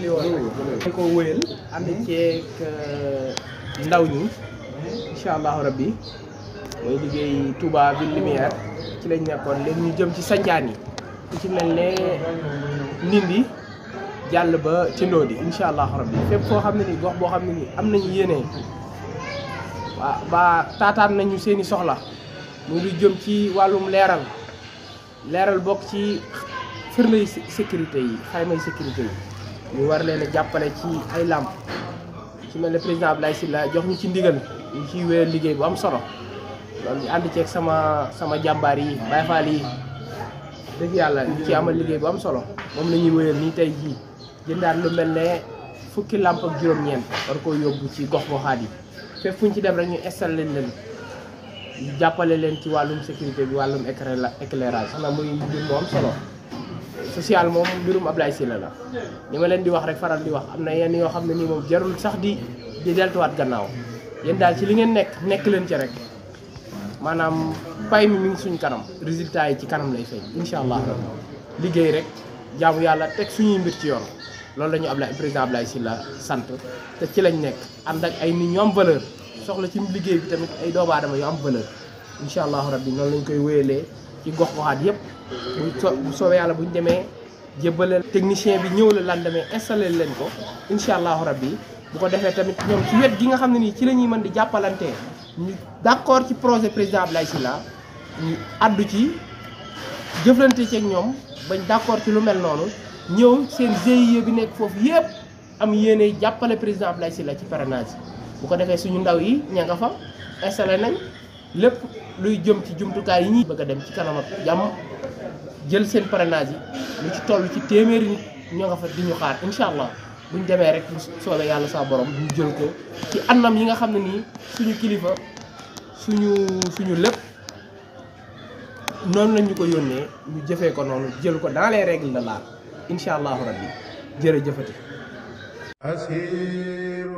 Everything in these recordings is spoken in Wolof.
tàmbali woon rek ñu ko euh, ndaw ñi incha allahu rabbi mooy liggéey Touba ville lumière ci lañ nekkoon léegi ñu jëm ci sancaan yi ku ci mel ne jàll ba ci Ndodi incha allahu rabbi fépp koo xam ne ni gox boo xam ne ni am nañu yéene waa ba taataan nañu seeni soxla mu ngi jëm ci wàllum leeral leeral bokk ci firnde sécurité yi xayma sécurité yi ñu war leen jàppale ci ay làmp su mel ne président Abdoulaye Sylla jox ñu ci ndigal ñu ciy wéyal liggéey bu am solo loolu ñu ànd ceeg sama sama jàmbaar yi Baye Fall yi dëgg yàlla ñu ci amal liggéey bu am solo moom la ñuy wéyal nii tey jii jëndaat lu mel ne fukki làmp ak juróom-ñeent war koo yóbbu ci gox goxaat yi fépp fu ñu ci dem rek ñu installé leen leen ñu jàppale leen ci wàllum sécurité bi wàllum éclairage xanaa muy mbir mu am solo sociale moom mbirum Ablaye Sylla la li ma leen di wax rek faral di wax am na yenn yoo xam ne nii moom jarul sax di di gannaaw yéen daal ci li ngeen nekk nekk leen ci rek maanaam pay mi mi suñ kanam résultat yi ci kanam lay feeñ incha allah liggéey rek jaamu yàlla teg suñuy mbir ci yoon loolu la ñu Ablaye président Ablaye Sylla sant te ci lañ nekk ànd ak ay nit ñu am valeur soxla ci liggéey bi tamit ay doomu aadama yu am valeur incha allah rabbi noonu lañ koy wéyalee ci gox goxaat yëpp bu so bu soobee yàlla buñ demee jébbale technicien bi ñëw la lan demee installé leen ko incha allahu rabbi bu ko defee tamit ñoom ci wet gi nga xam ne nii ci la ñuy mën di jàppalantee ñu d' accord ci projet président Abdoulaye Sylla ñu addu ci jëflante ceeg ñoom bañ d' accord ci lu mel noonu ñëw seen GIE bi nekk foofu yëpp am yéene jàppale président Abdoulaye Sylla ci parrainage bu ko defee suñu ndaw yi ña nga fa installé nañ lépp luy jëm ci jumtukaay yi ñuy bëgg a dem ci kanam jàmm jël seen parrainage yi lu ci toll ci téeméeri nit ñoo nga fa di ñu xaar incha allah buñ demee rek bu soobee yàlla saa borom ñu jël ko ci anam yi nga xam ne nii suñu kilifa suñu suñu lépp noonu lañ ñu ko yónnee ñu jëfee ko noonu jël ko dans les règles de l'art incha allahu rabbi jërëjëfati asiru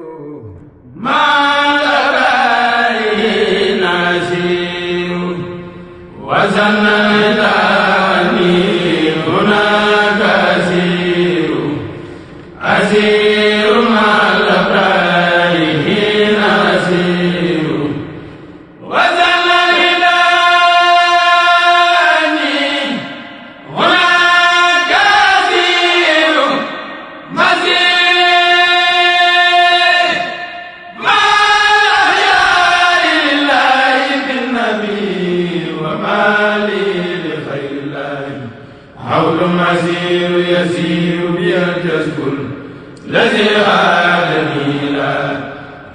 ma wa كل مسير يسير بها الكسب الذي آدمي لا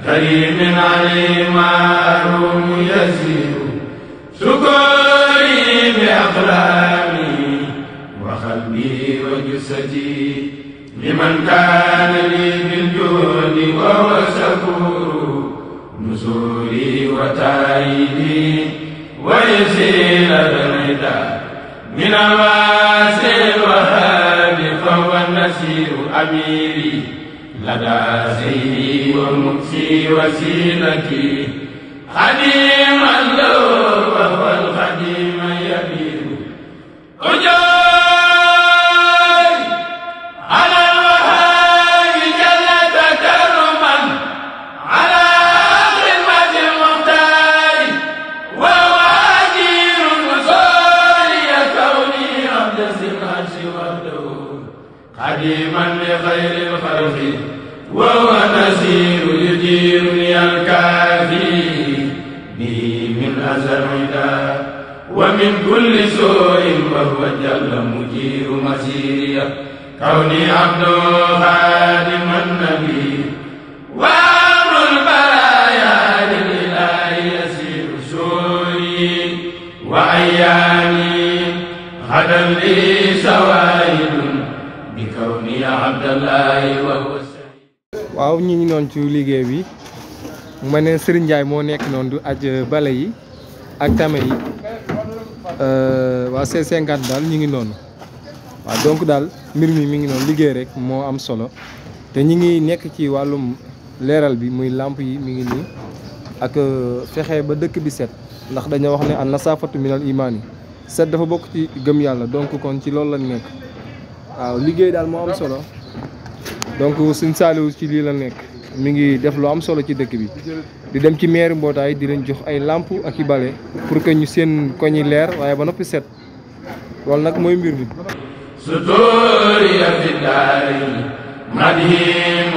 كريم عليه معلوم يسير سكري بأقلامي وقلبي وجسدي لمن كان لي بالجود وهو شكور نزولي وتايبي ويسير الرداء من الله بشير أميري لدى سيدي ومكسي وسيلتي خديما له xadiman li xayri lxalqi wa huwa nasiru yujiiruni alkaafi bi min azamida wa min kulli suuin wa huwa jalla mujiiru masiiriya kawni abdu xaadima nabi waaru lbaraaya lilaahi yasiru suuri wa ayaani xadan li sawa waaw ñu ngi noonu ci liggéey bi ma ne Serigne Ndiaye moo nekk noonu du aj euh, bale yi ak tame yi euh, waa C50 daal ñu ngi noonu waaw donc daal mbir mi mi ngi noonu liggéey rek moo am solo te ñi ngi nekk ci wàllum leeral bi muy làmp yi mi ngi nii ak euh, fexe ba dëkk bi set ndax dañoo wax ne an nasaafatu minal imaan yi set dafa bokk ci gëm yàlla donc kon ci loolu lañ nekk waaw liggéey daal moo am solo donc suñ saaliwu ci lii la nekk mi ngi def lu am solo ci dëkk bi di dem ci meeri mbootaay di leen jox ay làmp ak i bale pour que ñu seen koñi leer waaye ba noppi set loolu nag mooy mbir mi sutuuriya fi daari madhi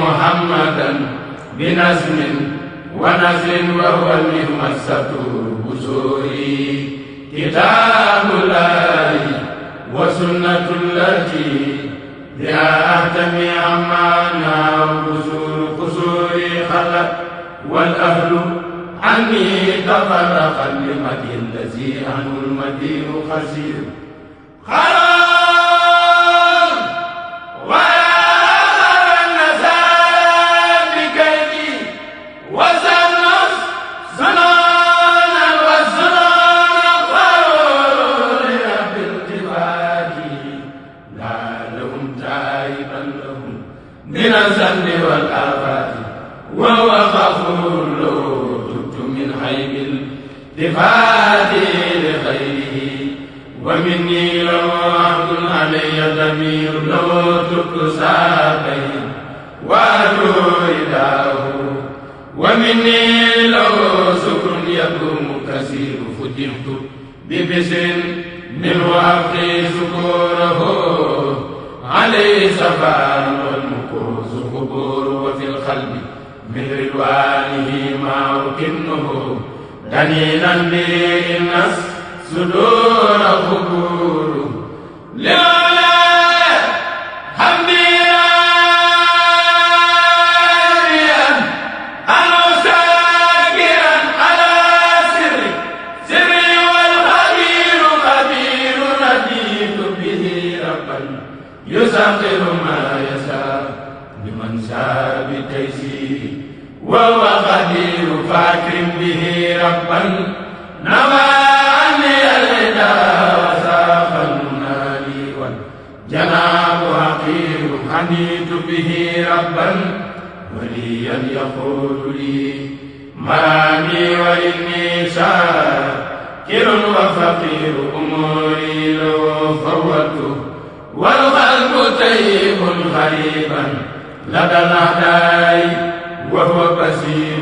muhammadan bi nazmin wa nazrin wa huwa mihmasatu busuri kitaabullahi wa sunnatullahi يا أهتم عمانا وقصور قصوري خلت والأهل عني تفرقا لمدي الذي عنه المدين خسير خلاص وهو خفور تبت من حيب الدفاع لغيره ومني لو عهد علي ضمير لو تبت ساقيه وأدعو رداه ومني لو سكر يدوم كثير فجئت ببسر منه أبقي سكوره عليه سفان والمكوس قبور وفي القلب بردوانه ما أكنه دنينا بريء الناس صدور حبوب أكرم به ربا نواني الهدى وساق المنادي والجناب حقير حنيت به ربا وليا يقول لي مرامي وإني شاكر وفقير أموري لو فوته والقلب تيب غريبا لدى الأعداء وهو بصير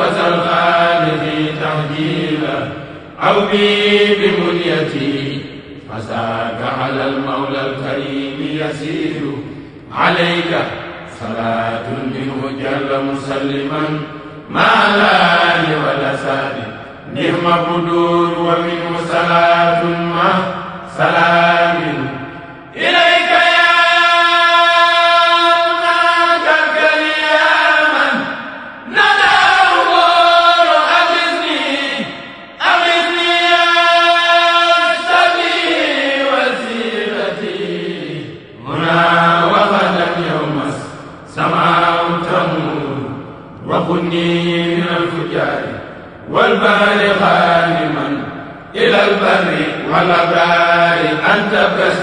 وزل خالقي تحجيلا أو بي بمنيتي فساك على المولى الكريم يسير عليك صلاة منه جل مسلما ما لا ولا سالي نعم بدور ومنه صلاة ما سلام إليه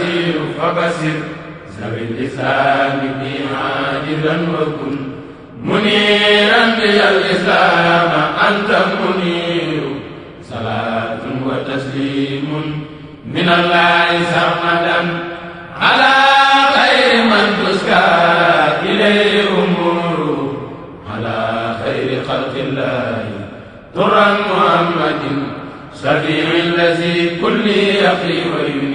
البصير فبصر سب الإسلام في عاجلا وكن منيرا بالإسلام أنت منير صلاة وتسليم من الله سرمدا على خير من تزكى إليه أمور على خير خلق الله ترى محمد شفيع الذي كل يقي وينير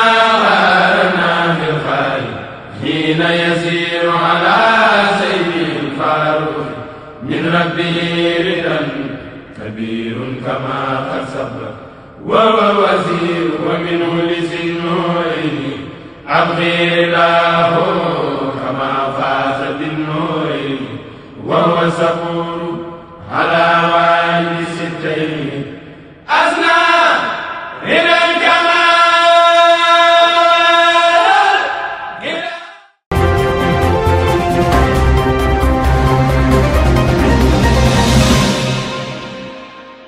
نور وهو سفور على وعد ستين